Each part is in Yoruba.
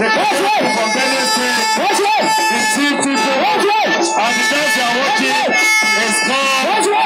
Watch him. From Benin State. Watch him. The team people. Watch And the dance you is called. Watch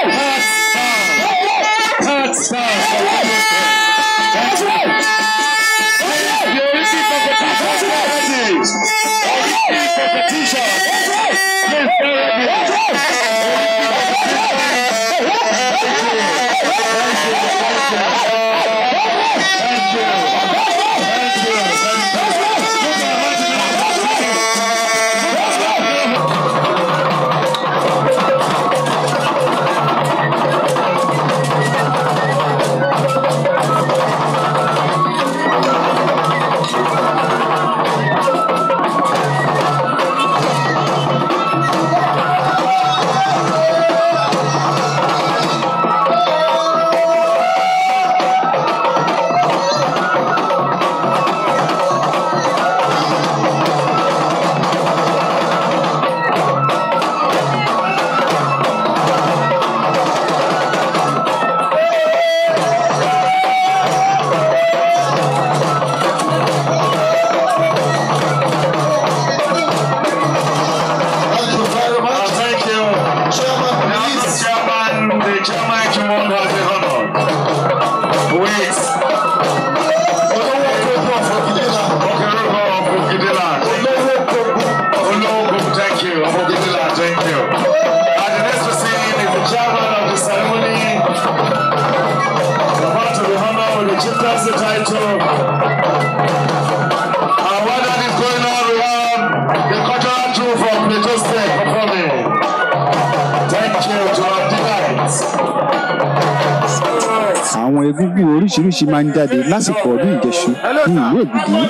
àwọn egúngún oríṣiríṣi máa ń jáde lásìkò ọdún ìjẹṣu ní ìlú èbùdí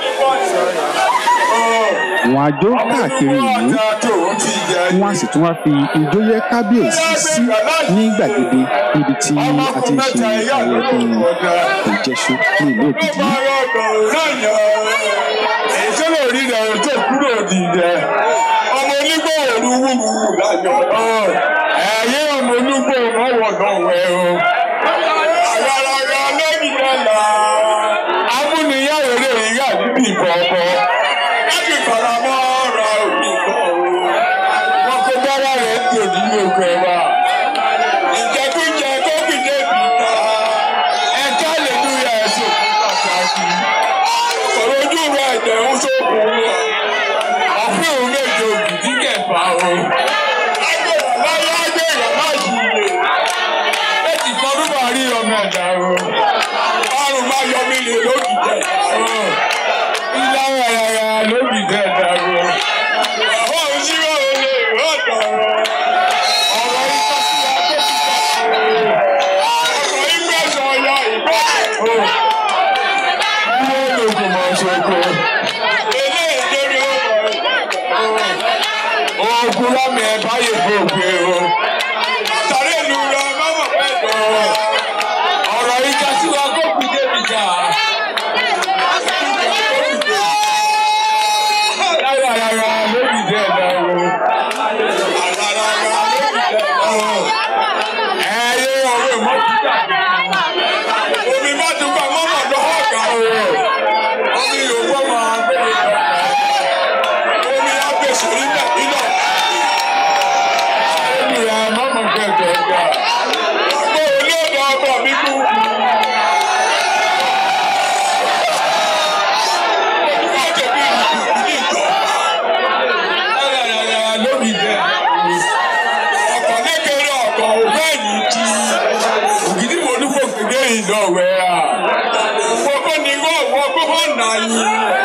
wọn á káàkiri ìlú wọn á sì tún wá fi ijó yẹ kábíyèsí sí ní gbàgede níbi tí a ti ń ṣe ayẹyẹ ọdún ìjẹṣu ní ìlú èbùdí. èso lè rí rẹ̀ tó kúrò dìde ọmọ onígbòho ni wúwo wúwo láyọ̀ pé mọ́wọ́ náà wẹ̀ o. àyàràyà lẹ́yìn lọ́la amúniyá eré ìyá níbi ìbọn ọkọ. láti fara mọ́ ọ̀rọ̀ òbí kan o. wọ́n fi dára rẹ̀ ń tòjú ní ogun ẹ̀ wá. ìjẹkújẹ kókì débi ta ẹ̀ka lè ní ìyá ogun lámì ẹ báyìí gbòògbé o. sàré ìlú rẹ mọ́mọ́ fẹ́ lọ. ọ̀rọ̀ ìjà sí wa kó kú débi jà. rárá rárá lórí ìdí ẹ̀dá o. rárá rárá lórí ìdí ẹ̀dá o. ẹ yé ọwọ́ ìmọ̀ nti ògidì wo ni kò gbé ìlọ wẹ̀ a wọ́n kọ́ ni wọ́n wọ́n kó hàn náà yìí.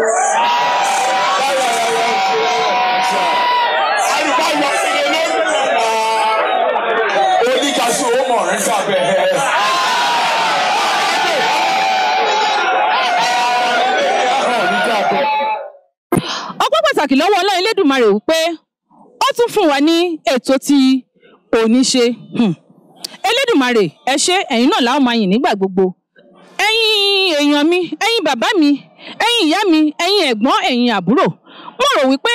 pàtàkì lọ́wọ́ ọlọ́run elédùnmarè wípé ó tún fún wa ní ètò tí òní ṣe hmm. elédùnmarè ẹ ṣé ẹ̀yin náà la ó máa yìn nígbà gbogbo ẹ̀yin èèyàn mi ẹ̀yin bàbá mi ẹ̀yin ìyá mi ẹ̀yin ẹ̀gbọ́n ẹ̀yin àbúrò mo rò wípé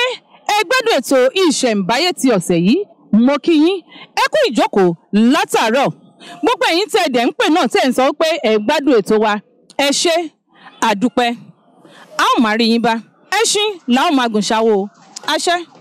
ẹ gbádùn ètò ìṣẹ̀ǹbáyé ti ọ̀sẹ̀ yìí mo kí yín ẹ kú ìjókòó látàárọ̀ gbogbo ẹ̀yin tẹ́ ẹ dẹ̀ ń pè náà tẹ́ ẹ ń sọ pé ẹ gbádùn ètò wa ẹ ṣé àdúpẹ́ a ó máa rí yín bá ẹṣin làwọn máa gùn ṣàwo àṣẹ.